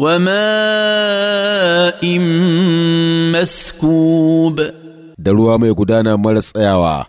وماء مسكوب da ruwa mai gudana mara tsayawa